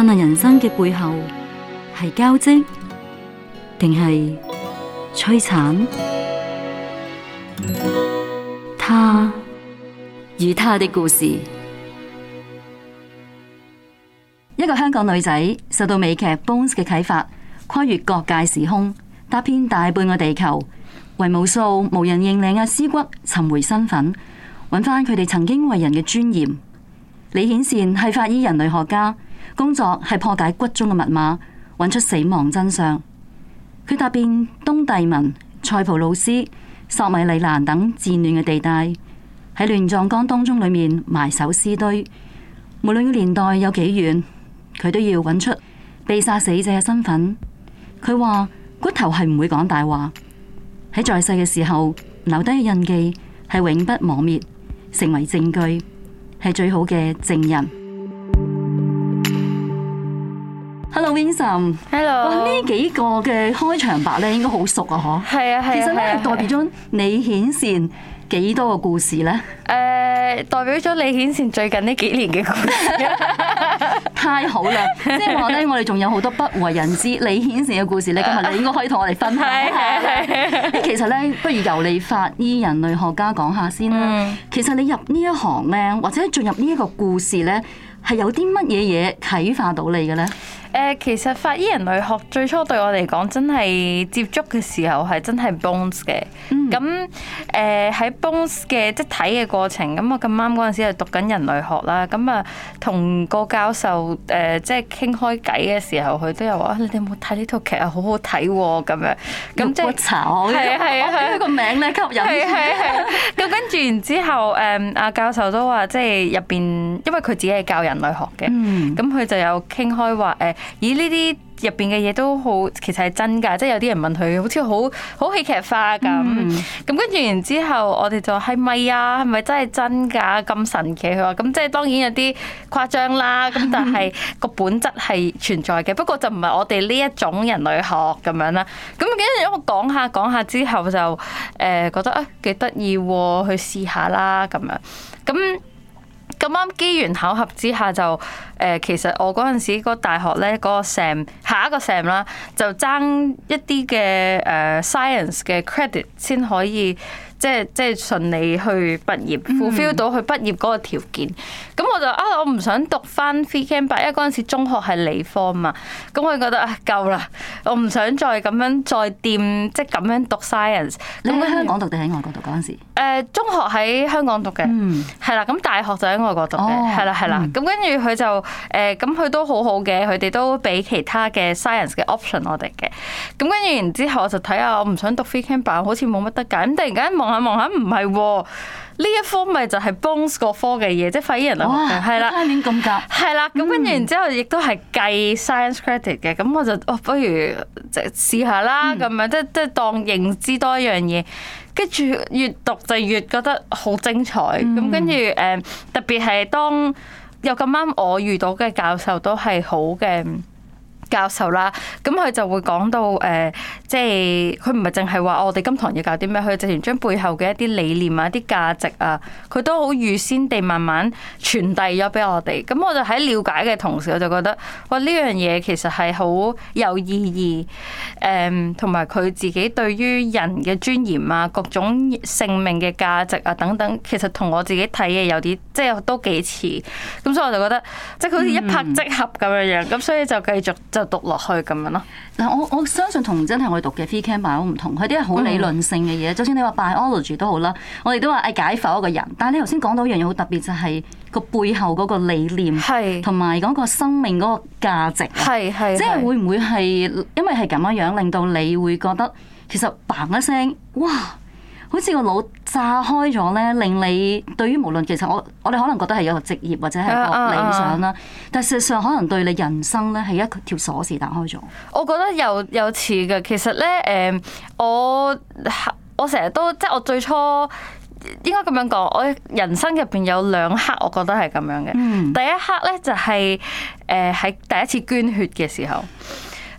燦爛人生嘅背後係交織，定係摧殘？她與她的故事，一個香港女仔受到美劇《Bones》嘅啟發，跨越各界時空，踏遍大半個地球，為無數無人認領嘅屍骨尋回身份，揾翻佢哋曾經為人嘅尊嚴。李顯善係法醫人類學家。工作係破解骨中嘅密碼，揾出死亡真相。佢踏遍東帝汶、塞浦路斯、索米利蘭等戰亂嘅地帶，喺亂葬崗當中裏面埋首屍堆。無論年代有幾遠，佢都要揾出被殺死者嘅身份。佢話骨頭係唔會講大話，喺在世嘅時候留低嘅印記係永不磨滅，成為證據，係最好嘅證人。Hello，Vincent。Hello。哇，呢幾個嘅開場白咧，應該好熟啊，嗬。係啊，係啊。其實咧，啊、代表咗你顯善幾多個故事咧？誒，代表咗你顯善最近呢幾年嘅故事。 太好啦了！即係話咧，我哋仲有好多不為人知你顯善嘅故事你 今日你應該可以同我哋分享。係係係。啊啊啊、 其實咧，不如由你法醫人類學家講下先啦。嗯、其實你入呢一行咧，或者進入呢一個故事咧，係有啲乜嘢嘢啟發到你嘅咧？誒，其實法醫人類學最初對我嚟講，真係接觸嘅時候係真係 bones 嘅。咁誒喺 bones 嘅即係睇嘅過程，咁我咁啱嗰陣時係讀緊人類學啦。咁啊，同個教授誒即係傾開偈嘅時候，佢都有話：你哋有冇睇呢套劇啊？好好睇喎、哦！咁樣咁即係炒，係啊係啊，個名咧吸引。係咁跟住然之後，誒阿教授都話即係入邊，因為佢自己係教人類學嘅，咁佢、mm hmm. 嗯、就有傾開話誒。咦？呢啲入邊嘅嘢都好，其實係真㗎，即係有啲人問佢，好似好好戲劇化咁。咁、嗯、跟住然之後，我哋就係咪啊，係咪真係真㗎？咁神奇，佢話，咁即係當然有啲誇張啦。咁但係個本質係存在嘅，嗯、不過就唔係我哋呢一種人類學咁樣啦。咁跟住我講下講下之後就誒、呃、覺得啊幾得意，去試下啦咁樣。咁。咁啱機緣巧合之下就誒、呃，其實我嗰陣時個大學咧，嗰個 Sam 下一個 Sam 啦，就爭一啲嘅誒 science 嘅 credit 先可以。即係即係順利去畢業 fulfill 到佢畢業嗰個條件。咁、嗯、我就啊，我唔想讀翻 free camp 因為嗰陣時中學係理科啊嘛。咁我就覺得啊，夠啦，我唔想再咁樣再掂，即係咁樣讀 science。你喺香港讀定喺外國讀陣時？誒，中學喺香港讀嘅，係啦、哦。咁大學就喺外國讀嘅，係啦係啦。咁跟住佢就誒咁佢都好好嘅，佢哋都畀其他嘅 science 嘅 option 我哋嘅。咁跟住然之後我就睇下，我唔想讀 free camp，但係好似冇乜得揀，突然間望。望下望下，唔係呢一科咪就係 Bones 嗰科嘅嘢，即係法醫人學嘅，係啦、哦。三年咁夾，係啦。 咁跟住然之後，亦都係計 Science credit 嘅。咁我就哦，不如、嗯、即係試下啦。咁樣即係即係當認知多一樣嘢。跟住越讀就越覺得好精彩。咁跟住誒，特別係當又咁啱我遇到嘅教授都係好嘅。教授啦，咁、嗯、佢就會講到誒、呃、即係，佢唔係淨係話我哋今堂要教啲咩，佢直情將背後嘅一啲理念啊、一啲價值啊，佢都好預先地慢慢傳遞咗俾我哋。咁、嗯、我就喺了解嘅同時，我就覺得哇，呢樣嘢其實係好有意義誒，同埋佢自己對於人嘅尊嚴啊、各種性命嘅價值啊等等，其實同我自己睇嘅有啲即係都幾似。咁所以我就覺得即係好似一拍即合咁樣樣，咁、嗯、所以就繼續。就讀落去咁樣咯。嗱，我我相信同真係我哋讀嘅 free camera 好唔同，佢啲係好理論性嘅嘢。就算、嗯、你話 biology 都好啦，我哋都話誒解剖一個人。但係你頭先講到一樣嘢好特別，就係、是、個背後嗰個理念同埋嗰個生命嗰個價值。係係即係會唔會係因為係咁樣樣，令到你會覺得其實「嘭」一聲，哇！好似個腦炸開咗咧，令你對於無論其實我我哋可能覺得係有個職業或者係個理想啦，啊啊啊啊但事實上可能對你人生咧係一條鎖匙打開咗。我覺得有有似嘅，其實咧誒、嗯，我我成日都即係我最初應該咁樣講，我人生入邊有兩刻，我覺得係咁樣嘅。嗯、第一刻咧就係誒喺第一次捐血嘅時候。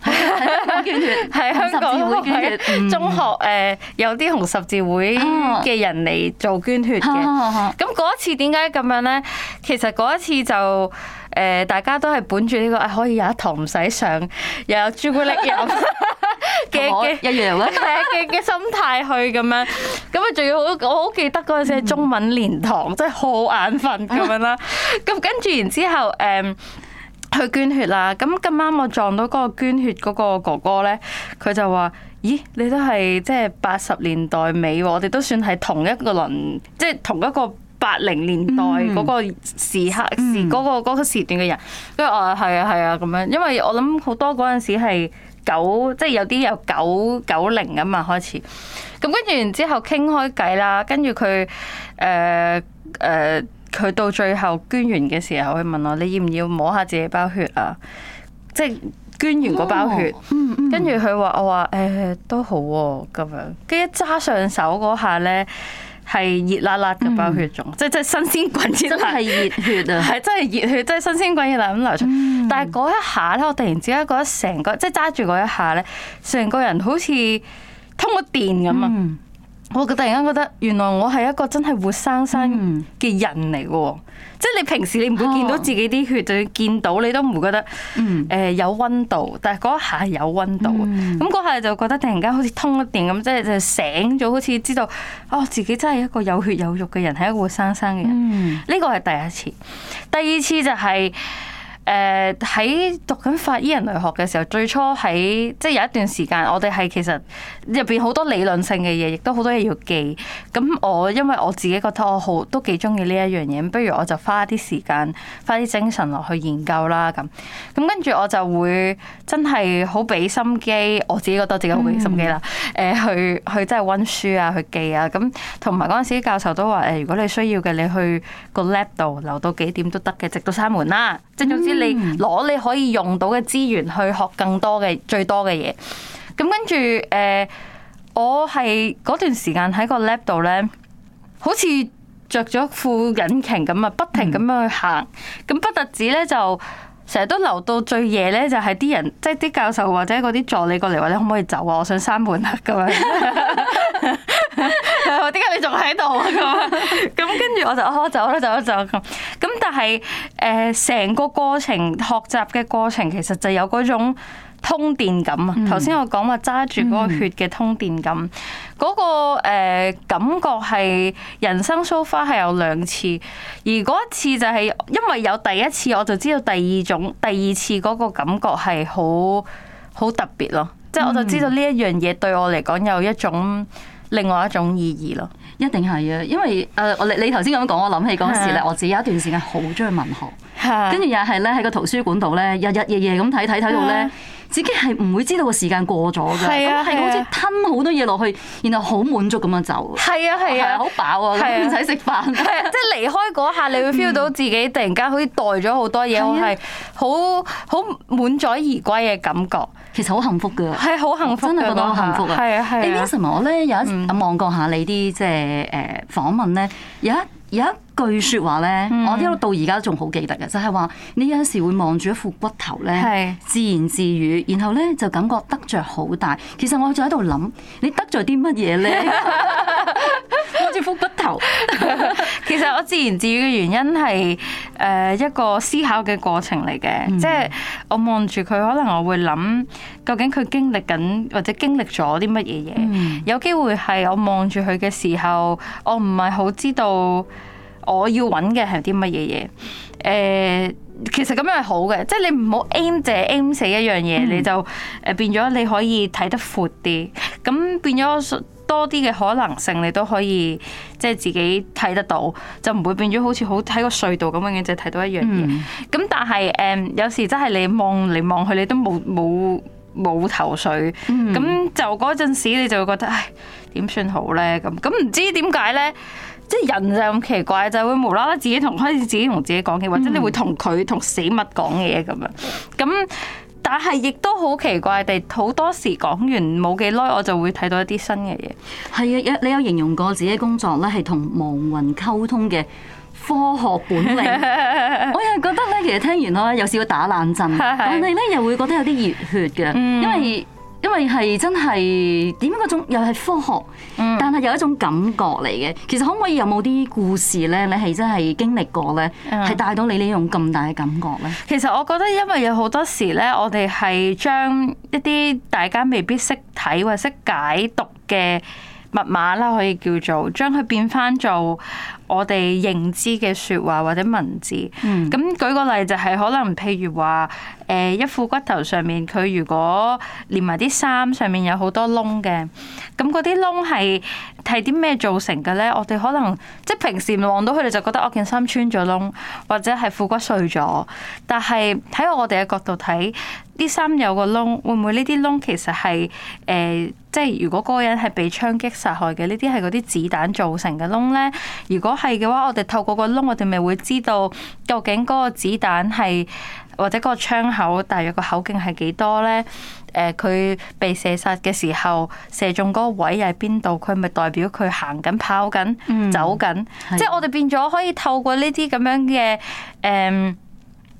係 香港捐血，係香港嘅中學誒，有啲紅十字會嘅人嚟做捐血嘅。咁嗰一次點解咁樣咧？其實嗰一次就誒、呃，大家都係本住呢、這個誒、哎，可以有一堂唔使上，又有朱古力飲嘅嘅嘅嘅嘅心態去咁樣。咁啊，仲要好，我好記得嗰陣時係中文連堂 真係好眼瞓咁樣啦。咁跟住然之後誒。嗯去捐血啦！咁咁啱，我撞到嗰個捐血嗰個哥哥呢，佢就話：咦，你都係即係八十年代尾喎，我哋都算係同一個輪，即係同一個八零年代嗰個時刻，嗯、時嗰、那個嗰、嗰個時段嘅人。跟住我係啊，係啊，咁、啊啊、樣，因為我諗好多嗰陣時係九，即係有啲有九九零咁嘛開始。咁跟住然之後傾開計啦，跟住佢誒誒。呃呃佢到最後捐完嘅時候，佢問我：你要唔要摸下自己包血啊？即係捐完嗰包血，嗯嗯、跟住佢話：我話誒都好咁、啊、樣。跟住揸上手嗰下呢，係熱辣辣嘅包血種，仲、嗯、即係新鮮滾熱辣，真係熱血啊！係 真係熱血，真係新鮮滾熱辣咁流出。嗯、但係嗰一下呢，我突然之間覺得成個即係揸住嗰一下呢，成個人好通過似通個電咁啊！嗯嗯我突然間覺得，原來我係一個真係活生生嘅人嚟嘅。嗯、即係你平時你唔會見到自己啲血，啊、就算見到你都唔會覺得，誒、嗯呃、有溫度。但係嗰下有溫度，咁嗰、嗯、下就覺得突然間好通似通咗電咁，即係就醒咗，好似知道哦自己真係一個有血有肉嘅人，係一個活生生嘅人。呢個係第一次，第二次就係、是。誒喺、呃、讀緊法醫人類學嘅時候，最初喺即係有一段時間，我哋係其實入邊好多理論性嘅嘢，亦都好多嘢要記。咁我因為我自己覺得我好都幾中意呢一樣嘢，不如我就花啲時間、花啲精神落去研究啦。咁咁跟住我就會真係好俾心機，我自己覺得自己好俾心機啦。誒、嗯，去去真係温書啊，去記啊。咁同埋嗰陣時教授都話：誒、呃，如果你需要嘅，你去個 lab 度留到幾點都得嘅，直到閂門啦。即係總之。你攞你可以用到嘅資源去學更多嘅最多嘅嘢，咁跟住誒、呃，我係嗰段時間喺個 lab 度咧，好似着咗副引擎咁啊，不停咁樣去行，咁、嗯、不特止咧就。成日都留到最夜咧，就係啲人，即係啲教授或者嗰啲助理過嚟，話你可唔可以走啊？我想閂門啊咁樣。點解你仲喺度？咁跟住我就哦，走啦走啦走咁。咁但係，誒成個過程學習嘅過程，其實就有嗰種。通電感啊！頭先我講話揸住嗰個血嘅通電感，嗰、嗯、個感、嗯那個呃、感覺係人生 so far 係有兩次，而嗰一次就係因為有第一次我就知道第二種，第二次嗰個感覺係好好特別咯，即係我就知道呢一樣嘢對我嚟講有一種、嗯、另外一種意義咯，一定係啊！因為誒、呃，你你頭先咁講，我諗起嗰陣時咧，的我自己有一段時間好中意文學。跟住又係咧，喺個圖書館度咧，日日夜夜咁睇睇睇到咧，自己係唔會知道個時間過咗㗎。係啊，咁係好似吞好多嘢落去，然後好滿足咁樣走。係啊係啊，好飽啊，唔使食飯。即係離開嗰下，你會 feel 到自己突然間好似袋咗好多嘢，係好好滿載而歸嘅感覺。其實好幸福㗎，係好幸福，真係覺得好幸福啊！係啊係啊。Edison，我咧有一次望過下你啲即係誒訪問咧，有一有一。句説話呢，嗯、我一路到而家都仲好記得嘅，就係話你有陣時會望住一副骨頭呢，是自言自語，然後呢就感覺得着好大。其實我就喺度諗，「你得著啲乜嘢呢？」「望住副骨頭。」 其實我自言自語嘅原因係誒、呃、一個思考嘅過程嚟嘅，即係、嗯、我望住佢，可能我會諗究竟佢經歷緊或者經歷咗啲乜嘢嘢。嗯、有機會係我望住佢嘅時候，我唔係好知道。我要揾嘅係啲乜嘢嘢？誒、呃，其實咁樣係好嘅，即係你唔好 aim 只係 aim 死一樣嘢，你就誒變咗你可以睇得闊啲，咁變咗多啲嘅可能性你都可以即係自己睇得到，就唔會變咗好似好喺個隧道咁，永遠只係睇到一樣嘢。咁但係誒、呃，有時真係你望嚟望去，你都冇冇冇頭緒。咁、嗯、就嗰陣時你就會覺得，唉，點算好咧？咁咁唔知點解咧？即係人就咁奇怪，就係會無啦啦自己同開始自己同自己講嘅，或者你會同佢同死物講嘅嘢咁樣。咁但係亦都好奇怪地，好多時講完冇幾耐，我就會睇到一啲新嘅嘢。係啊，有你有形容過自己工作咧係同亡魂溝通嘅科學本領。 我又覺得咧，其實聽完咧，有時會打冷震， 但係咧又會覺得有啲熱血嘅， 嗯、因為。因為係真係點樣嗰種又係科學，嗯、但係有一種感覺嚟嘅。其實可唔可以有冇啲故事呢？你係真係經歷過呢？係、嗯、帶到你呢種咁大嘅感覺呢？其實我覺得，因為有好多時呢，我哋係將一啲大家未必識睇或識解讀嘅密碼啦，可以叫做將佢變返做我哋認知嘅説話或者文字，咁、嗯、舉個例就係可能譬如話，誒、呃、一副骨頭上面佢如果連埋啲衫上面有好多窿嘅，咁嗰啲窿係係啲咩造成嘅咧？我哋可能即係平時望到佢哋就覺得我件衫穿咗窿，或者係副骨碎咗，但係喺我哋嘅角度睇，啲衫有個窿，會唔會呢啲窿其實係誒、呃、即係如果嗰個人係被槍擊殺害嘅，呢啲係嗰啲子彈造成嘅窿咧？如果係嘅話，我哋透過個窿，我哋咪會知道究竟嗰個子彈係或者個窗口大約個口徑係幾多咧？誒、呃，佢被射殺嘅時候，射中嗰個位又係邊度？佢咪代表佢行緊、跑緊、走緊？即係我哋變咗可以透過呢啲咁樣嘅誒。嗯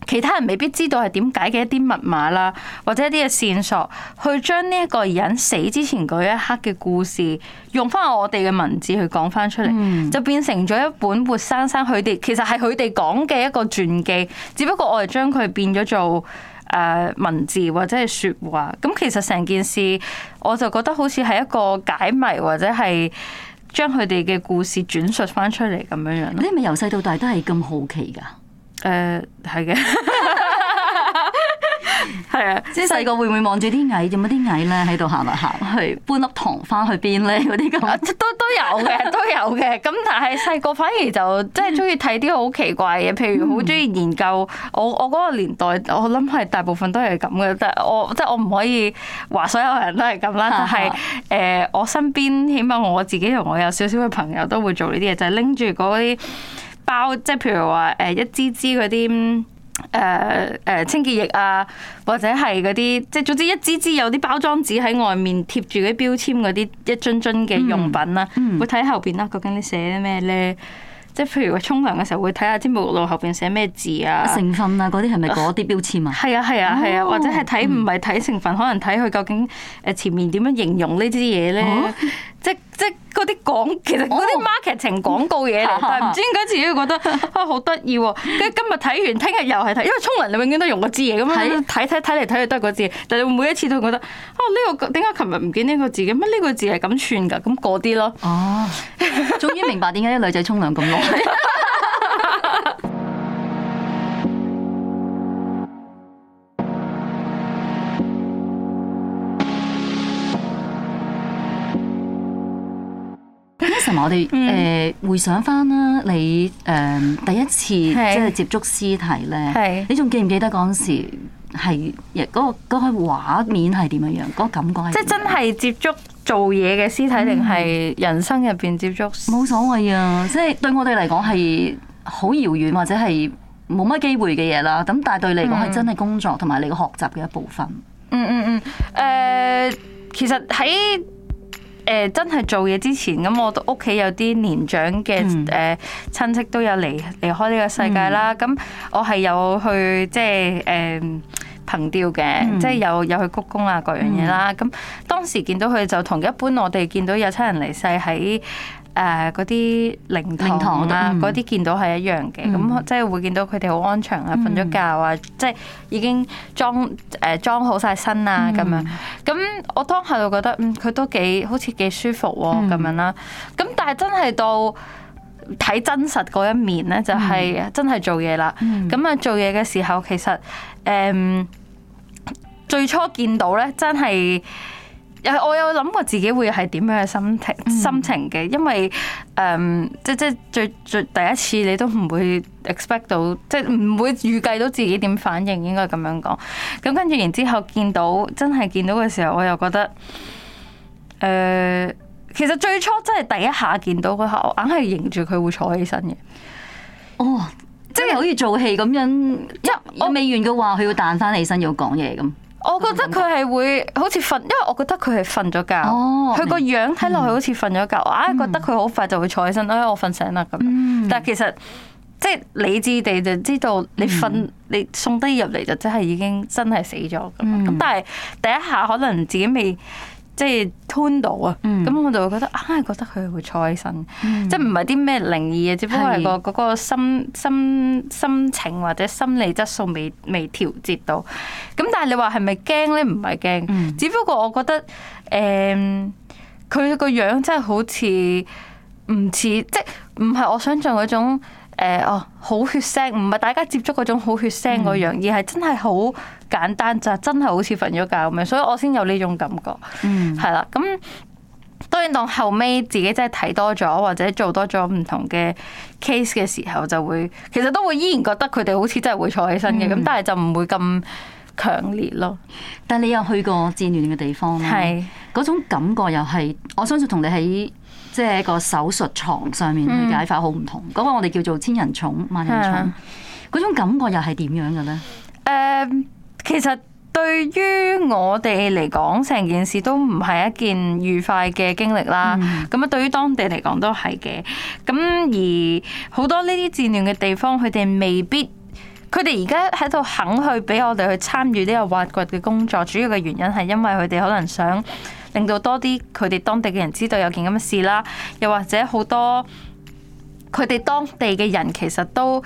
其他人未必知道係點解嘅一啲密碼啦，或者一啲嘅線索，去將呢一個人死之前嗰一刻嘅故事，用翻我哋嘅文字去講翻出嚟，嗯、就變成咗一本活生生佢哋，其實係佢哋講嘅一個傳記，只不過我哋將佢變咗做誒、呃、文字或者係說話。咁其實成件事，我就覺得好似係一個解謎，或者係將佢哋嘅故事轉述翻出嚟咁樣樣。你係咪由細到大都係咁好奇噶？誒係嘅，係啊、呃、即係細個會唔會望住啲蟻，有冇啲蟻咧喺度行嚟行去搬粒糖翻去邊咧？嗰啲咁啊，都都有嘅，都有嘅。咁但係細個反而就即係中意睇啲好奇怪嘅，譬如好中意研究。嗯、我我嗰個年代，我諗係大部分都係咁嘅。但我即係我唔可以話所有人都係咁啦。 但係誒、呃，我身邊，起碼我自己同我有少少嘅朋友都會做呢啲嘢，就係拎住嗰啲。包即係譬如話誒一支支嗰啲誒誒清潔液啊，或者係嗰啲即係總之一支支有啲包裝紙喺外面貼住啲標籤嗰啲一樽樽嘅用品啦、啊，嗯嗯、會睇後邊啦，究竟你寫啲咩咧？即係譬如話沖涼嘅時候會睇下支沐浴露後邊寫咩字啊成分啊嗰啲係咪嗰啲標籤啊？係啊係啊係啊，啊啊啊啊哦、或者係睇唔係睇成分，嗯、可能睇佢究竟誒前面點樣形容呢啲嘢咧？即即嗰啲廣，其實啲 marketing 廣告嘢嚟，哦、但係唔知點解自己覺得 啊好得意喎。跟住今日睇完，聽日又係睇，因為沖涼你永遠都用嗰字嘢，咁樣睇睇睇嚟睇去都係嗰字。但係你每一次都覺得啊呢、呢個點解琴日唔見呢個字嘅？乜呢個字係咁串㗎？咁嗰啲咯。哦， 終於明白點解啲女仔沖涼咁耐。我哋誒回想翻啦，你誒第一次即係接觸屍體咧，係你仲記唔記得嗰陣時係嗰個畫面係點樣樣？嗰個、嗯、感覺即係真係接觸做嘢嘅屍體，定係人生入邊接觸？冇所謂啊！即、就、係、係、對我哋嚟講係好遙遠，或者係冇乜機會嘅嘢啦。咁但係對你嚟講係真係工作同埋、嗯、你嘅學習嘅一部分。嗯嗯嗯，誒、嗯嗯呃，其實喺～誒真係做嘢之前咁，我屋企有啲年長嘅誒、嗯呃、親戚都有離離開呢個世界啦。咁、嗯、我係有去即係誒、呃、憑吊嘅，嗯、即係有有去鞠躬啊各樣嘢啦。咁、嗯、當時見到佢就同一般我哋見到有親人離世喺。誒嗰啲靈堂啦、啊，嗰啲、嗯、見到係一樣嘅，咁、嗯、即係會見到佢哋好安詳啊，瞓咗、嗯、覺啊，即係已經裝誒、呃、裝好晒身啊，咁、嗯、樣。咁我當下就覺得，嗯，佢都幾好似幾舒服喎、啊，咁、嗯、樣啦。咁但係真係到睇真實嗰一面咧，就係、是、真係做嘢啦。咁啊做嘢嘅時候，其實誒、嗯、最初見到咧，真係。又我有諗過自己會係點樣嘅心情心情嘅，嗯、因為誒、嗯、即即、最、最，最第一次你都唔會 expect 到，即唔會預計到自己點反應應該咁樣講。咁跟住然之後見到真係見到嘅時候，我又覺得誒、呃，其實最初真係第一下見到佢，我硬係迎住佢會坐起身嘅。哦，即係好似做戲咁樣，一即我未完嘅話，佢要彈翻起身要講嘢咁。我覺得佢係會好似瞓，因為我覺得佢係瞓咗覺，佢個、哦、樣睇落去好似瞓咗覺，啊、嗯哎、覺得佢好快就會坐起身，嗯、哎我瞓醒啦咁，嗯、但係其實即係理智地就知道你瞓，嗯、你送低入嚟就真係已經真係死咗咁，咁但係第一下可能自己未。即係 tune 到啊，咁我就會覺得啊，覺得佢會坐起身，嗯、即係唔係啲咩靈異啊，只不過係、個嗰是個心心心情或者心理質素未未調節到。咁但係你話係咪驚咧？唔係驚，嗯、只不過我覺得誒，佢、呃、個樣真係好似唔似，即係唔係我想象嗰種。誒哦，好、uh, 血腥，唔係大家接觸嗰種好血腥嗰樣，嗯、而係真係好簡單就真係好似瞓咗覺咁樣，所以我先有呢種感覺。嗯，係啦，咁當然當後尾自己真係睇多咗或者做多咗唔同嘅 case 嘅時候，就會其實都會依然覺得佢哋好似真係會坐起身嘅，咁、嗯、但係就唔會咁強烈咯。但係你有去過戰亂嘅地方啦，係嗰是種感覺又係我相信同你喺。即係個手術床上面嘅解法好唔同，嗰、嗯、個我哋叫做千人塚、萬人塚，嗰是的 種感覺又係點樣嘅咧？誒、呃，其實對於我哋嚟講，成件事都唔係一件愉快嘅經歷啦。咁啊，對於當地嚟講都係嘅。咁而好多呢啲戰亂嘅地方，佢哋未必，佢哋而家喺度肯去俾我哋去參與呢個挖掘嘅工作，主要嘅原因係因為佢哋可能想。令到多啲佢哋當地嘅人知道有件咁嘅事啦，又或者好多佢哋當地嘅人其實都誒、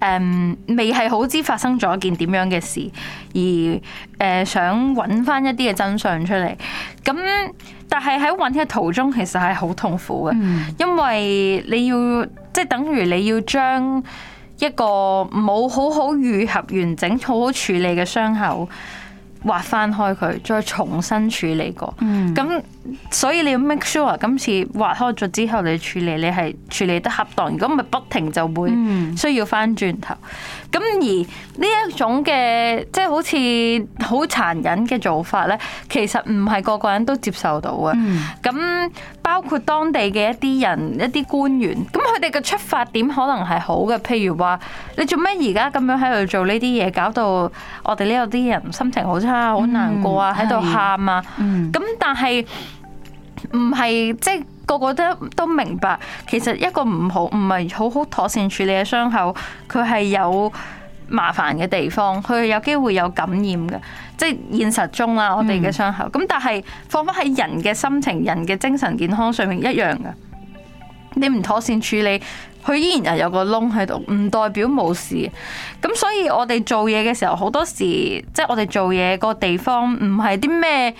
嗯、未係好知發生咗件點樣嘅事，而誒、呃、想揾翻一啲嘅真相出嚟。咁但係喺揾嘅途中，其實係好痛苦嘅，嗯、因為你要即係等於你要將一個冇好好愈合完整、好好處理嘅傷口。挖翻開佢，再重新處理過。咁、嗯、所以你要 make sure 今次挖開咗之後，你處理你係處理得恰當。如果唔係，不停就會需要翻轉頭。咁、嗯、而呢一種嘅即係好似好殘忍嘅做法咧，其實唔係個個人都接受到啊。咁、嗯包括當地嘅一啲人、一啲官員，咁佢哋嘅出發點可能係好嘅，譬如話你做咩而家咁樣喺度做呢啲嘢，搞到我哋呢度啲人心情好差、好難過、嗯、啊，喺度喊啊，咁但係唔係即係個個都都明白，其實一個唔好唔係好好妥善處理嘅傷口，佢係有麻煩嘅地方，佢有機會有感染嘅，即係現實中啦，我哋嘅傷口。咁、嗯、但係放翻喺人嘅心情、人嘅精神健康上面一樣嘅，你唔妥善處理。佢依然係有個窿喺度，唔代表冇事。咁所以我哋做嘢嘅時候，好多時即係我哋做嘢個地方唔係啲咩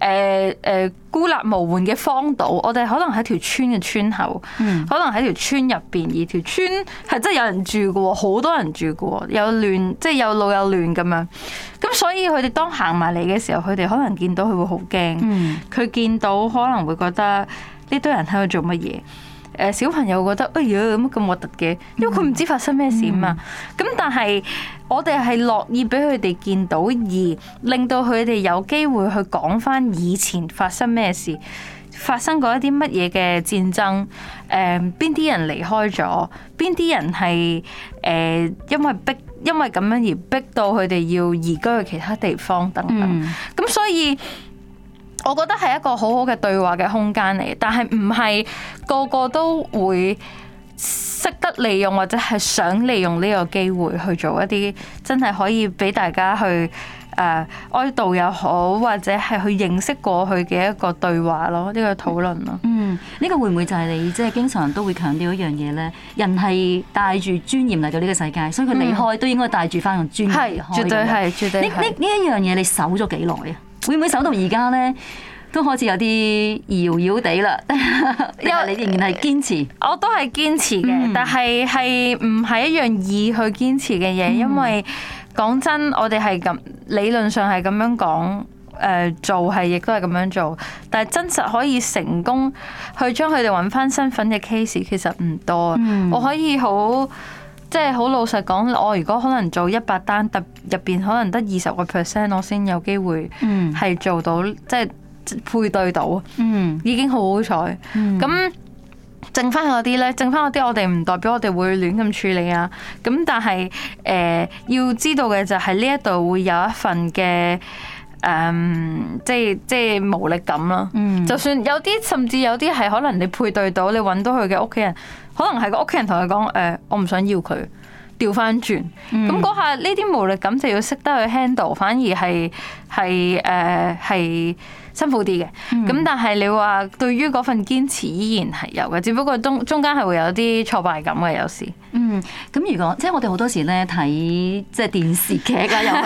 誒誒孤立無援嘅荒島。我哋可能喺條村嘅村口，嗯、可能喺條村入邊，而條村係真係有人住嘅喎，好多人住嘅喎，有亂即係有路有亂咁樣。咁所以佢哋當行埋嚟嘅時候，佢哋可能見到佢會好驚。佢、嗯、見到可能會覺得呢堆人喺度做乜嘢？誒，小朋友覺得哎呀乜咁核突嘅，因為佢唔知發生咩事嘛。咁、嗯嗯、但係我哋係樂意俾佢哋見到，而令到佢哋有機會去講返以前發生咩事，發生過一啲乜嘢嘅戰爭。誒，邊啲人離開咗，邊啲人係誒、呃、因為逼因為咁樣而逼到佢哋要移居去其他地方等等。咁、嗯、所以。我覺得係一個好好嘅對話嘅空間嚟，但係唔係個個都會識得利用，或者係想利用呢個機會去做一啲真係可以俾大家去誒、呃、哀悼又好，或者係去認識過去嘅一個對話咯，呢、呢個討論咯。嗯，呢、嗯呢個會唔會就係你即係經常都會強調一樣嘢呢？人係帶住尊嚴嚟到呢個世界，所以佢離開都應該帶住翻個尊嚴。係、嗯，絕對係，絕對。呢呢一樣嘢你守咗幾耐啊？會唔會走到而家呢？都開始有啲搖搖地啦？因 為你仍然係堅持，呃、我都係堅持嘅，嗯、但係係唔係一樣易去堅持嘅嘢？嗯、因為講真，我哋係咁理論上係咁樣講，誒、呃、做係亦都係咁樣做，但係真實可以成功去將佢哋揾翻身份嘅 case 其實唔多。嗯、我可以好。即係好老實講，我如果可能做一百單，入邊可能得二十個 percent，我先有機會係做到，嗯、即係配對到。嗯，已經好好彩。咁、嗯、剩翻嗰啲呢？剩翻嗰啲我哋唔代表我哋會亂咁處理啊。咁但係誒、呃，要知道嘅就係呢一度會有一份嘅誒、呃，即係即係無力感啦。嗯、就算有啲，甚至有啲係可能你配對到，你揾到佢嘅屋企人。可能係個屋企人同佢講，誒，我唔想要佢調翻轉，咁嗰下呢啲無力感就要識得去 handle，反而係係誒係辛苦啲嘅，咁但係你話對於嗰份堅持依然係有嘅，只不過中中間係會有啲挫敗感嘅有時。嗯，咁如果即係我哋好多時咧睇即係電視劇啊，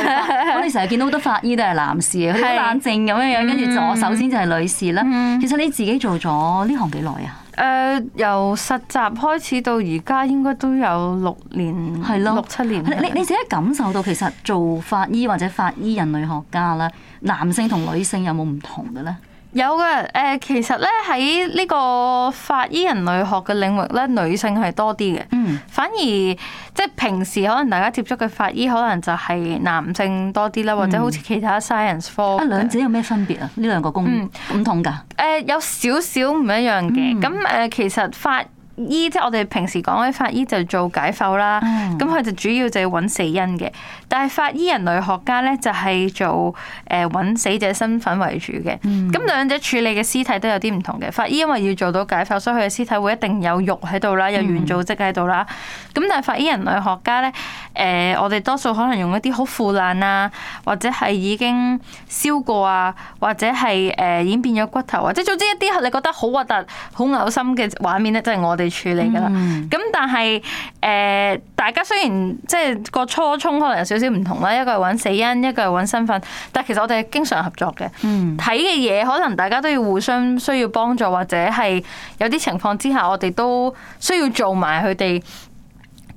我哋成日見到好多法醫都係男士啊，佢好冷靜咁樣樣，跟住做首先就係女士啦。其實你自己做咗呢行幾耐啊？誒、呃、由實習開始到而家應該都有六年係囉，六七年，你你自己感受到其實做法醫或者法醫人類學家啦，男性同女性有冇唔同嘅呢？有嘅，誒、呃，其實咧喺呢個法醫人類學嘅領域咧，女性係多啲嘅。嗯，反而即係平時可能大家接觸嘅法醫可能就係男性多啲啦，嗯、或者好似其他 science 科。啊，兩者有咩分別啊？呢兩個功能唔、嗯、同㗎？誒、呃，有少少唔一樣嘅。咁誒、嗯呃，其實法醫即係我哋平時講嘅法醫就做解剖啦，咁佢就主要就揾死因嘅。但係法醫人類學家咧就係、是、做誒揾死者身份為主嘅。咁、嗯、兩者處理嘅屍體都有啲唔同嘅。法醫因為要做到解剖，所以佢嘅屍體會一定有肉喺度啦，有軟組織喺度啦。咁、嗯、但係法醫人類學家咧，誒、呃、我哋多數可能用一啲好腐爛啊，或者係已經燒過啊，或者係誒、呃、已經變咗骨頭啊，即係總之一啲係你覺得好核突、好嘔心嘅畫面咧，即、就、係、是、我哋。處理噶啦，咁、嗯、但係誒、呃，大家雖然即係個初衷可能有少少唔同啦，一個係揾死因，一個係揾身份，但係其實我哋係經常合作嘅，嗯，睇嘅嘢可能大家都要互相需要幫助，或者係有啲情況之下，我哋都需要做埋佢哋。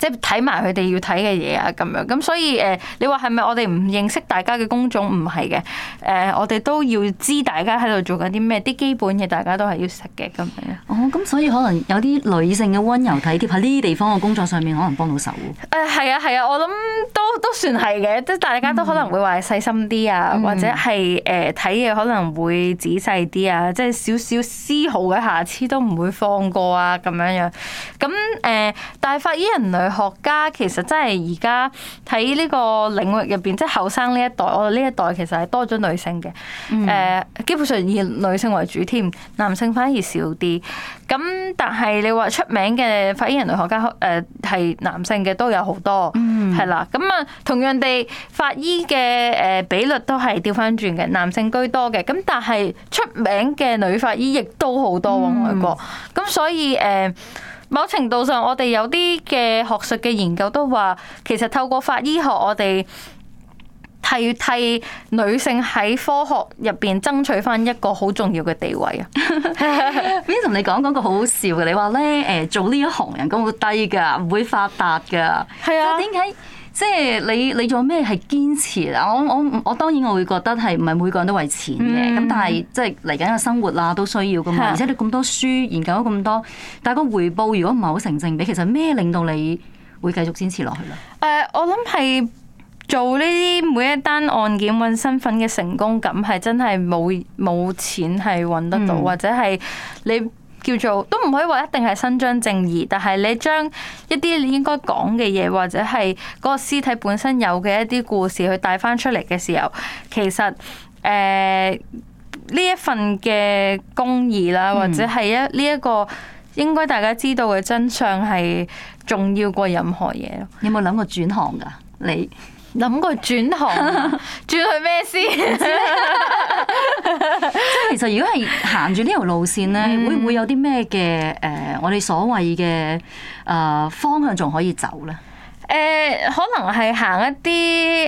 即係睇埋佢哋要睇嘅嘢啊，咁樣咁、嗯、所以誒、呃，你話係咪我哋唔認識大家嘅工種唔係嘅？誒、呃，我哋都要知大家喺度做緊啲咩，啲基本嘢大家都係要識嘅，咁樣。哦，咁所以可能有啲女性嘅溫柔體貼喺呢啲地方嘅工作上面可能幫到手、啊。誒係、嗯、啊係啊，我諗都都算係嘅，即係大家都可能會話細心啲啊，嗯、或者係誒睇嘢可能會仔細啲啊，即係少少絲毫嘅瑕疵都唔會放過啊咁樣樣。咁、嗯、誒、呃，但係法醫人類學家其實真係而家喺呢個領域入邊，即係後生呢一代，我哋呢一代其實係多咗女性嘅，誒、嗯、基本上以女性為主添，男性反而少啲。咁但係你話出名嘅法醫人類學家誒係、呃、男性嘅都有好多，係、嗯、啦。咁啊，同樣地法醫嘅誒比率都係調返轉嘅，男性居多嘅。咁但係出名嘅女法醫亦都好多喎，外國、嗯。咁所以誒。呃某程度上，我哋有啲嘅學術嘅研究都話，其實透過法醫學，我哋替替女性喺科學入邊爭取翻一個好重要嘅地位啊！Vincent， 你講嗰個好好笑嘅，你話咧誒，做呢一行人工好低噶，唔會發達噶，係啊，點解？即係你你做咩係堅持？我我我當然我會覺得係唔係每個人都為錢嘅咁，嗯、但係即係嚟緊嘅生活啦、啊、都需要㗎嘛。而且是的 你咁多書研究咗咁多，但係個回報如果唔係好成正比，其實咩令到你會繼續堅持落去咧？誒、呃，我諗係做呢啲每一單案件揾身份嘅成功感係真係冇冇錢係揾得到，嗯、或者係你。叫做都唔可以話一定係伸張正義，但係你將一啲應該講嘅嘢，或者係嗰個屍體本身有嘅一啲故事去帶翻出嚟嘅時候，其實誒呢、呃、一份嘅公義啦，或者係一呢一個應該大家知道嘅真相係重要過任何嘢。嗯、有冇諗過轉行噶？ 你？諗過轉行，轉 去咩先？即係其實如果係行住呢條路線咧，嗯，會唔會有啲咩嘅？誒、呃，我哋所謂嘅誒方向仲可以走咧？誒、呃，可能係行一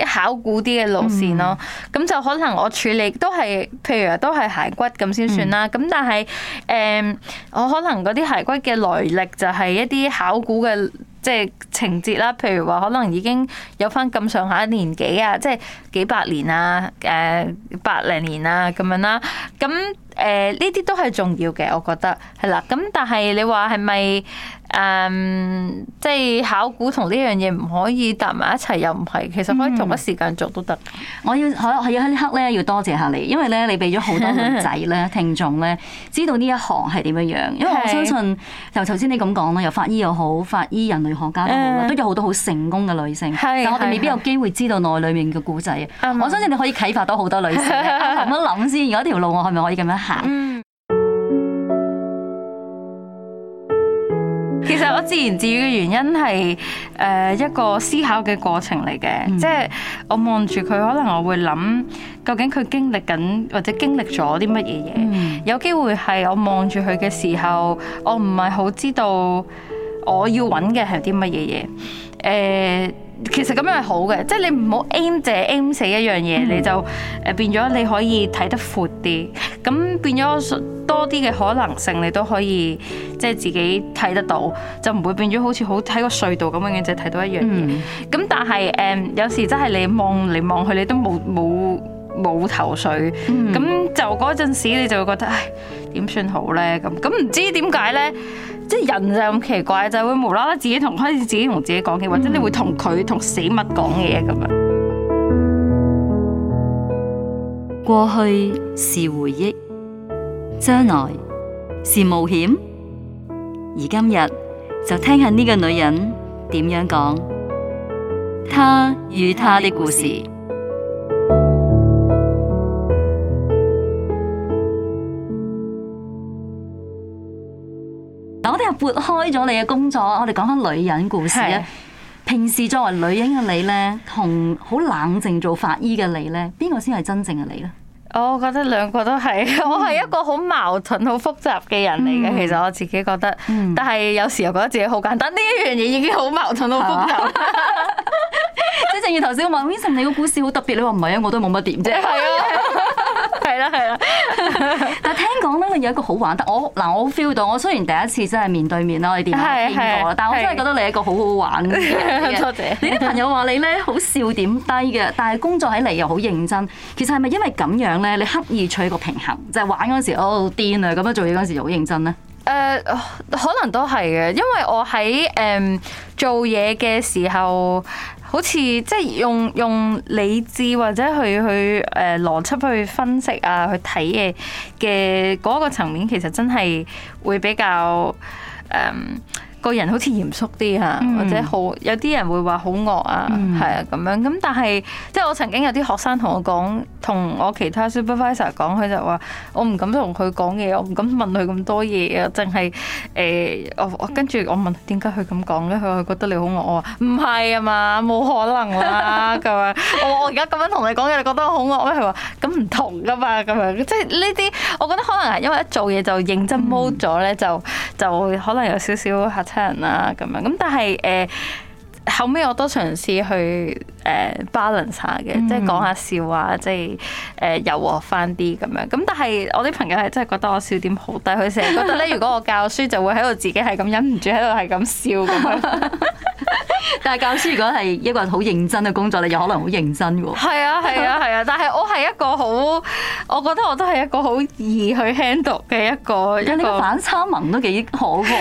啲考古啲嘅路線咯。咁、嗯、就可能我處理都係，譬如都係骸骨咁先算啦。咁、嗯、但係誒，我、呃、可能嗰啲骸骨嘅來歷就係一啲考古嘅。即係情節啦，譬如話可能已經有返咁上下年紀啊，即係幾百年啊，誒百零年啊咁樣啦，啊，咁誒呢啲都係重要嘅，我覺得係啦。咁但係你話係咪？誒，um, 即係考古同呢樣嘢唔可以搭埋一齊，又唔係，其實可以同一時間做都得、mm。我要喺喺呢刻咧，要多謝下你，因為咧你俾咗好多女仔咧、 聽眾咧，知道呢一行係點樣樣。因為我相信，由頭先你咁講啦，由法醫又好，法醫人類學家都好、uh, 都有好多好成功嘅女性。是但我哋未必有機會知道內裏面嘅故仔。的我相信你可以啟發到好多女性，咁樣 一諗先，如果條路我係咪可以咁樣行？ 其實我自言自語嘅原因係誒，一個思考嘅過程嚟嘅，即係、嗯、我望住佢，可能我會諗究竟佢經歷緊或者經歷咗啲乜嘢嘢。嗯、有機會係我望住佢嘅時候，我唔係好知道我要揾嘅係啲乜嘢嘢。誒、呃。其實咁樣係好嘅，即係你唔好 aim 就係 aim 死一樣嘢，嗯、你就誒變咗你可以睇得闊啲，咁變咗多啲嘅可能性，你都可以即係自己睇得到，就唔會變咗好似好睇個隧道咁，永遠就睇到一樣嘢。咁、嗯、但係誒，um, 有時真係你望嚟望去，你都冇冇冇頭緒，咁、嗯、就嗰陣時你就會覺得，唉，點算好咧？咁咁唔知點解咧？即人就係咁奇怪，就係會無啦啦自己同開始自己同自己講嘅，或者你會同佢同死物講嘢咁樣。嗯，過去是回憶，將來是冒險，而今日就聽下呢個女人點樣講，她與她的故事。嗱，我哋又撥開咗你嘅工作，我哋講翻女人故事啊。平時作為女人嘅你咧，同好冷靜做法醫嘅你咧，邊個先係真正嘅你咧？我覺得兩個都係，我係一個好矛盾、好複雜嘅人嚟嘅。其實我自己覺得，但係有時候覺得自己好簡單。呢一樣嘢已經好矛盾、好複雜。即正如頭先我問 Vincent，你個故事好特別，你話唔係啊？我都冇乜點啫。係啊，係啦，係啦。聽講咧，你有一個好玩，但我嗱，我 feel 到我雖然第一次真係面對面啦，我哋電話見過啦，但係我真係覺得你係一個好好玩嘅。的你啲朋友話你咧好笑點低嘅，但係工作喺嚟又好認真。其實係咪因為咁樣咧，你刻意取個平衡，就係、是、玩嗰陣時喺度癲啊，咁、哦、樣做嘢嗰陣時又好認真咧？誒、呃，可能都係嘅，因為我喺誒、呃、做嘢嘅時候。好似即係用用理智或者去去誒、呃、邏輯去分析啊，去睇嘅嘅嗰個層面，其實真係會比較誒。呃個人好似嚴肅啲嚇，嗯、或者好有啲人會話好惡啊，係啊咁樣。咁但係即係我曾經有啲學生同我講，同我其他 supervisor 講，佢就話我唔敢同佢講嘢，我唔敢問佢咁多嘢啊，淨係誒我跟住我問點解佢咁講咧？佢話覺得你好惡，我話唔係啊嘛，冇可能啦咁 樣。我我而家咁樣同你講嘢，你覺得我好惡咩？佢話咁唔同噶嘛咁樣，即係呢啲我覺得可能係因為一做嘢就認真 mode 咗咧，嗯、就就可能有少少人啦咁樣，咁但係，誒、呃、後尾，我都嘗試去，誒 balance 下嘅，嗯、即係講下笑話，即係誒柔和翻啲咁樣。咁但係我啲朋友係真係覺得我笑點好低，佢成日覺得咧， 如果我教書就會喺度自己係咁忍唔住喺度係咁笑咁樣。 但係教書如果係一個人好認真嘅工作，你又可能好認真喎。係 啊係啊係啊，啊！但係我係一個好，我覺得我都係一個好易去 handle 嘅一個一個反差萌都幾好喎。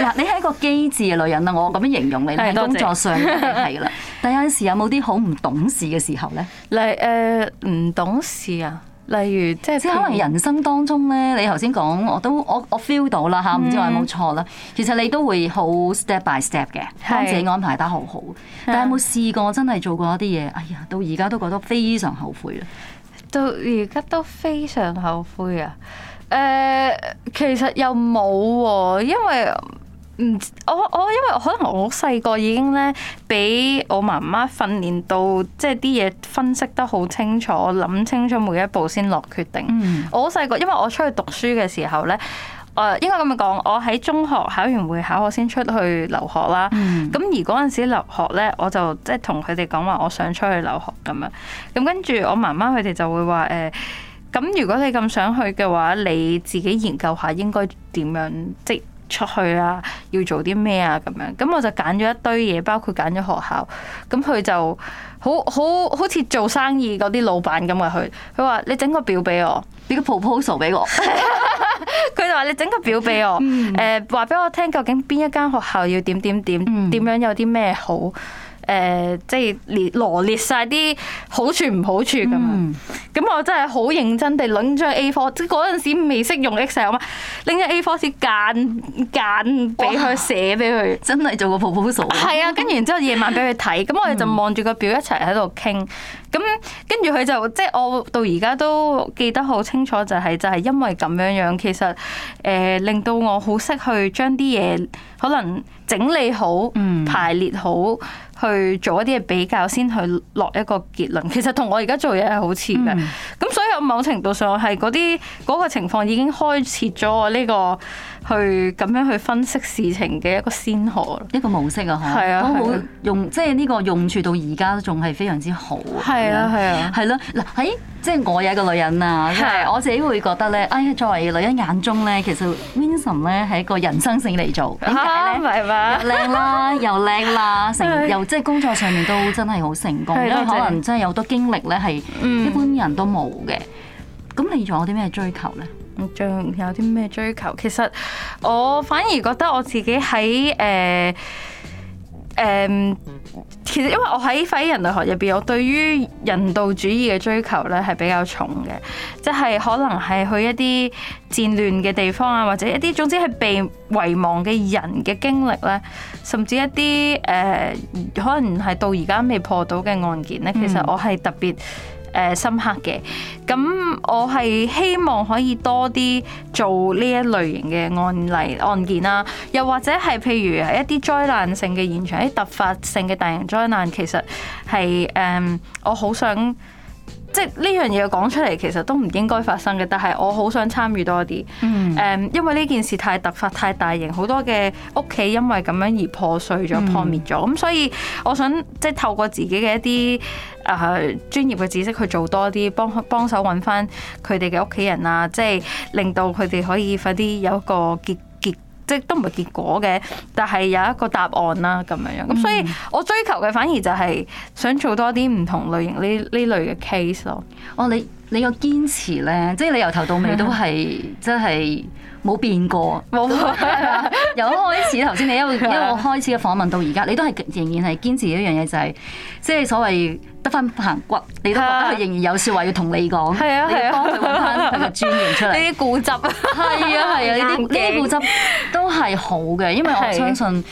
嗱， 你係一個機智嘅女人啦，我咁樣形容你喺工作上。係啦， 但有陣時有冇啲好唔懂事嘅時候呢？例、誒、呃，唔懂事啊，例如、如即係可能人生當中呢，你頭先講，我都我我 feel 到啦吓，唔知我有冇錯啦。嗯、其實你都會好 step by step 嘅，幫自己安排得好好。是但係有冇試過真係做過一啲嘢？哎呀，到而家都覺得非常後悔啊！到而家都非常後悔啊。誒、呃，其實又冇喎、啊，因為。唔，我我因為可能我細個已經咧，俾我媽媽訓練到，即係啲嘢分析得好清楚，諗清楚每一步先落決定。我好細個，因為我出去讀書嘅時候咧，誒應該咁樣講，我喺中學考完會考，我先出去留學啦。咁而嗰陣時留學咧，我就即係同佢哋講話，我想出去留學咁樣。咁跟住我媽媽佢哋就會話誒，咁如果你咁想去嘅話，你自己研究下應該點樣，即出去啦、啊，要做啲咩啊？咁樣咁、嗯、我就揀咗一堆嘢，包括揀咗學校。咁、嗯、佢就好好好似做生意嗰啲老闆咁嘅，佢佢話：你整個表俾我， 你個 proposal 俾我。佢就話：你整個表俾我，誒話俾我聽，究竟邊一間學校要點點點，點、 嗯、樣有啲咩好。誒、呃，即係列羅列晒啲好處唔好處咁，咁、嗯、我真係好認真地拎張 A4，即係嗰陣時未識用 Excel 嘛，拎咗 A4 先間間俾佢寫俾佢，哇的真係做個 proposal。係啊，跟住然之後夜晚俾佢睇，咁 我哋就望住個表一齊喺度傾，咁、嗯。跟住佢就，即係我到而家都記得好清楚，就是，就係就係因為咁樣樣，其實誒、呃、令到我好識去將啲嘢，可能整理好、排列好，去做一啲嘅比較先去落一個結論，其實同我而家做嘢係好似嘅，咁、嗯、所以喺某程度上係嗰啲嗰個情況已經開始咗我呢個。去咁樣去分析事情嘅一個先河，一個模式啊，吓，係啊，都好用，即係呢個用處到而家都仲係非常之好。係啊，係啊，係咯。嗱喺即係我有一個女人啊，即係我自己會覺得咧，哎呀，作為女人眼中咧，其實 Vincent 咧係一個人生勝利組。點解咧？又靚啦，又靚啦，成又即係工作上面都真係好成功，因為可能真係有多經歷咧係一般人都冇嘅。咁你仲有啲咩追求咧？仲有啲咩追求？其實我反而覺得我自己喺誒誒，其實因為我喺法醫人類學入邊，我對於人道主義嘅追求咧係比較重嘅，即係可能係去一啲戰亂嘅地方啊，或者一啲總之係被遺忘嘅人嘅經歷咧，甚至一啲誒可能係到而家未破到嘅案件咧，其實我係特別，誒、呃、深刻嘅，咁我係希望可以多啲做呢一類型嘅案例案件啦、啊，又或者係譬如一啲災難性嘅現場，啲、哎、突發性嘅大型災難，其實係誒、呃、我好想。即係呢樣嘢講出嚟，其實都唔應該發生嘅。但係我好想參與多啲，誒、嗯，因為呢件事太突發太大型，好多嘅屋企因為咁樣而破碎咗、嗯、破滅咗。咁所以我想即係透過自己嘅一啲誒、呃、專業嘅知識去做多啲，幫幫手揾翻佢哋嘅屋企人啊，即係令到佢哋可以快啲有一個結即都唔係結果嘅，但係有一個答案啦咁樣樣。咁所以我追求嘅反而就係想做多啲唔同類型呢呢類嘅 case 咯。哦，你。你個堅持咧，即係你由頭到尾都係，的真係冇變過。冇啊問，由開始頭先你，一路開始嘅訪問到而家，你都係仍然係堅持一樣嘢，就係、是、即係所謂得翻棚骨，你都覺得佢仍然有説話要同你講。係啊的，你幫做翻佢嘅專業出嚟。呢啲固執，係啊係啊，呢啲呢啲固執都係好嘅，因為我相信。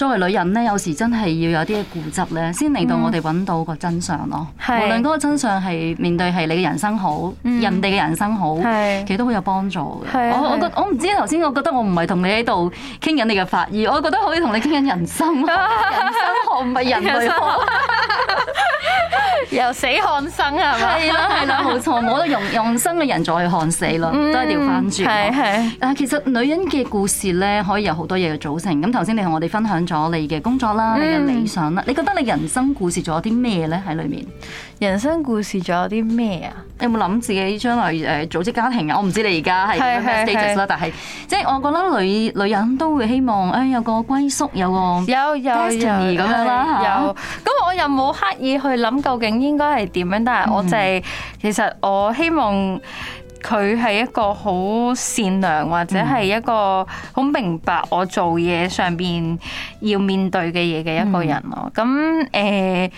作為女人呢，有時真係要有啲嘅固執呢，先令到我哋揾到真、嗯、個真相咯。無論嗰個真相係面對係你嘅人生好，嗯、人哋嘅人生好，嗯、其實都好有幫助嘅。是是是，我我覺，我唔知頭先，我覺得我唔係同你喺度傾緊你嘅法醫，而我覺得可以同你傾緊人生好。 人生學唔係人類學。 生好 由死看生係咪係啦，係啦，冇錯，冇得用用生嘅人再去看死咯，都係調翻轉係係。但係 其實女人嘅故事咧，可以有好多嘢嘅組成。咁頭先你同我哋分享咗你嘅工作啦， 你嘅理想啦，你覺得你人生故事仲有啲咩咧喺裏面？人生故事仲有啲咩啊？你有冇諗自己將來誒組織家庭啊？我唔知你而家係咩 stage 啦，但係即係我覺得女女人都會希望誒、哎、有個歸宿，有個有 destiny 咁樣啦，有咁我又冇刻意去諗究竟應該係點樣，但係我就係、mm. 其實我希望佢係一個好善良或者係一個好明白我做嘢上邊要面對嘅嘢嘅一個人咯。咁誒、mm.。呃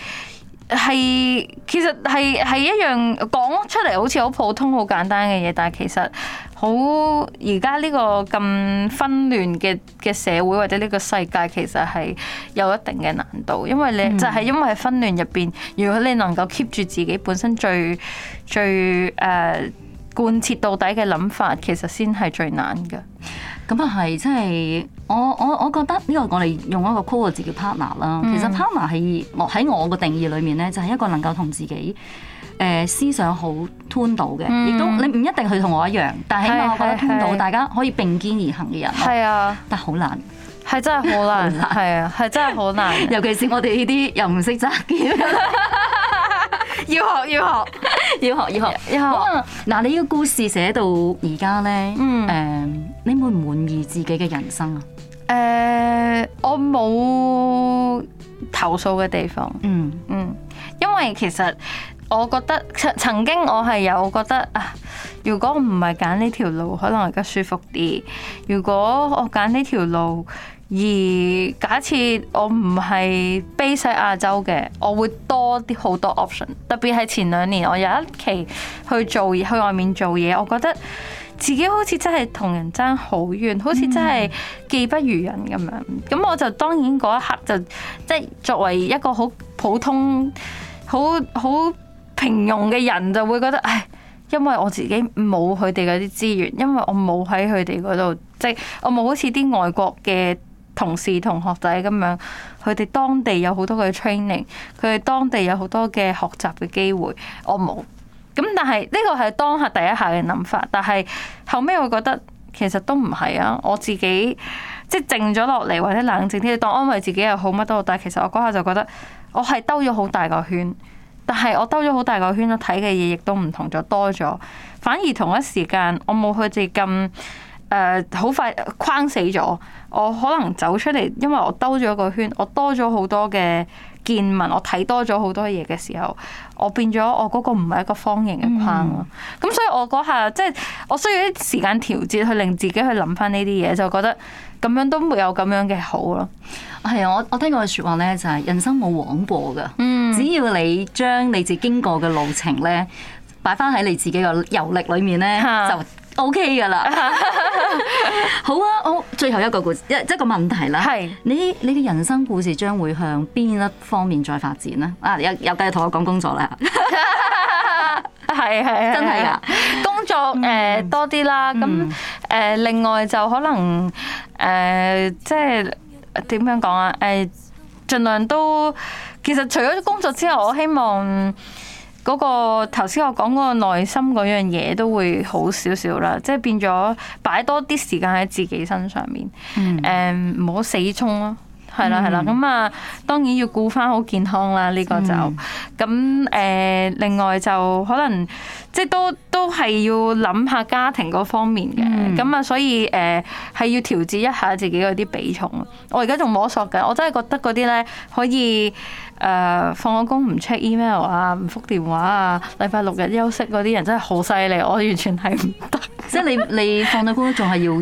係，其實係係一樣講出嚟好似好普通、好簡單嘅嘢，但係其實好而家呢個咁紛亂嘅嘅社會或者呢個世界，其實係有一定嘅難度，因為你、嗯、就係因為喺紛亂入邊，如果你能夠 keep 住自己本身最最誒。Uh, 貫徹到底嘅諗法其實先係最難嘅，咁啊係，即、就、係、是、我我我覺得呢、這個我哋用一個 cool 字叫 partner 啦。嗯、其實 partner 喺我喺我嘅定義裏面咧，就係、是、一個能夠同自己誒、呃、思想好 tune 到嘅，亦、嗯、都你唔一定佢同我一樣，但係起碼可以 tune 到大家可以並肩而行嘅人。係啊，但好難，係真係好難，係啊，係真係好難。難 尤其是我哋呢啲又唔識揸劍。 要學要學要學要學要學。嗱， 你依個故事寫到而家咧，誒、嗯，uh, 你滿唔滿意自己嘅人生啊？誒，uh, 我冇投訴嘅地方。嗯嗯，嗯因為其實我覺得曾曾經我係有覺得啊，如果唔係揀呢條路，可能而家舒服啲。如果我揀呢條路。而假設我唔係 base 喺亞洲嘅，我會多啲好多 option。特別係前兩年，我有一期去做去外面做嘢，我覺得自己好似真係同人爭好遠，好似真係技不如人咁樣。咁、嗯、我就當然嗰一刻就即係作為一個好普通、好好平庸嘅人，就會覺得唉，因為我自己冇佢哋嗰啲資源，因為我冇喺佢哋嗰度，即係我冇好似啲外國嘅。同事同學仔咁樣，佢哋當地有好多嘅 training，佢哋當地有好多嘅學習嘅機會，我冇。咁但係呢個係當下第一下嘅諗法，但係後尾我覺得其實都唔係啊。我自己即靜咗落嚟，或者冷靜啲，當安慰自己又好，乜都好。但係其實我嗰下就覺得我係兜咗好大個圈，但係我兜咗好大個圈，睇嘅嘢亦都唔同咗多咗，反而同一時間我冇佢哋咁誒好快框死咗。我可能走出嚟，因為我兜咗個圈，我多咗好多嘅見聞，我睇多咗好多嘢嘅時候，我變咗我嗰個唔係一個方形嘅框咯。咁、嗯、所以我，我嗰下即係我需要啲時間調節，去令自己去諗翻呢啲嘢，就覺得咁樣都沒有咁樣嘅好咯。係啊，我我聽過嘅説話咧，就係、是、人生冇枉過噶。嗯，只要你將你自己經過嘅路程咧，擺翻喺你自己嘅遊歷裏面咧，就。O K 噶啦，okay、 好啊！我最後一個故事一一個問題啦，係是你你嘅人生故事將會向邊一方面再發展呢？啊，有有第日同我講工作 是啦，係係真係噶工作誒多啲啦，咁誒、呃、另外就可能誒、呃、即係點樣講啊？誒、呃、盡量都其實除咗工作之外，我希望。嗰個頭先我講嗰個內心嗰樣嘢都會好少少啦，即係變咗擺多啲時間喺自己身上面，唔好、嗯嗯、死衝咯、啊。係啦，係啦，咁啊，當然要顧翻好健康啦，呢、這個就咁誒、嗯呃。另外就可能即係都都係要諗下家庭嗰方面嘅，咁啊、嗯嗯，所以誒係、呃、要調節一下自己嗰啲比重。我而家仲摸索嘅，我真係覺得嗰啲咧可以誒放咗工唔 check email 啊，唔覆電話啊，禮拜六日休息嗰啲人真係好犀利，我完全係唔得。 即係你你放咗工仲係要？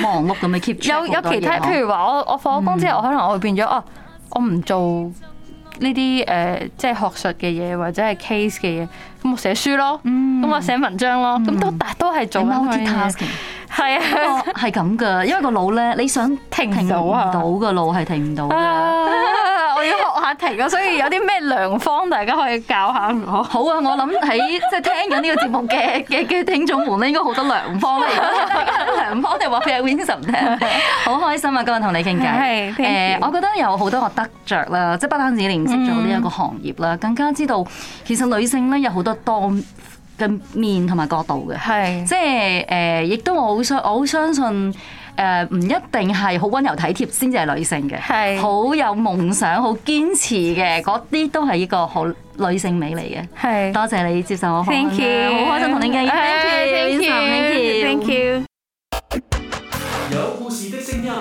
忙碌咁咪 keep 住有有其他， 譬如話我我放咗工之後，嗯、我可能我會變咗哦、啊，我唔做呢啲誒即係學術嘅嘢，或者係 case 嘅嘢，咁我寫書咯，咁、嗯、我寫文章咯，咁、嗯、都但都係做、multi tasking 係啊，係咁噶。因為個腦咧，你想停停唔到嘅，腦係停唔到話題咯，所以有啲咩良方大家可以教下我？好啊，我諗喺即係聽緊呢個節目嘅嘅嘅聽眾們咧，應該好多良方咧。良方就話俾阿 Winson 聽。好開心啊！今日同你傾偈。係。誒、呃，我覺得有好多我得着啦，即係不單止認識咗呢一個行業啦，嗯、更加知道其實女性咧有好多多嘅面同埋角度嘅。係是。即係誒，亦、呃、都我好相我好相信。誒，uh，唔一定係好温柔體貼先至係女性嘅，係好是有夢想、好堅持嘅，嗰啲都係一個好女性美嚟嘅。係是，多謝你接受我訪問，啊，好 Thank you. 開心同你傾偈。Hey, thank you，Thank you，Thank you。有故事嘅聲音。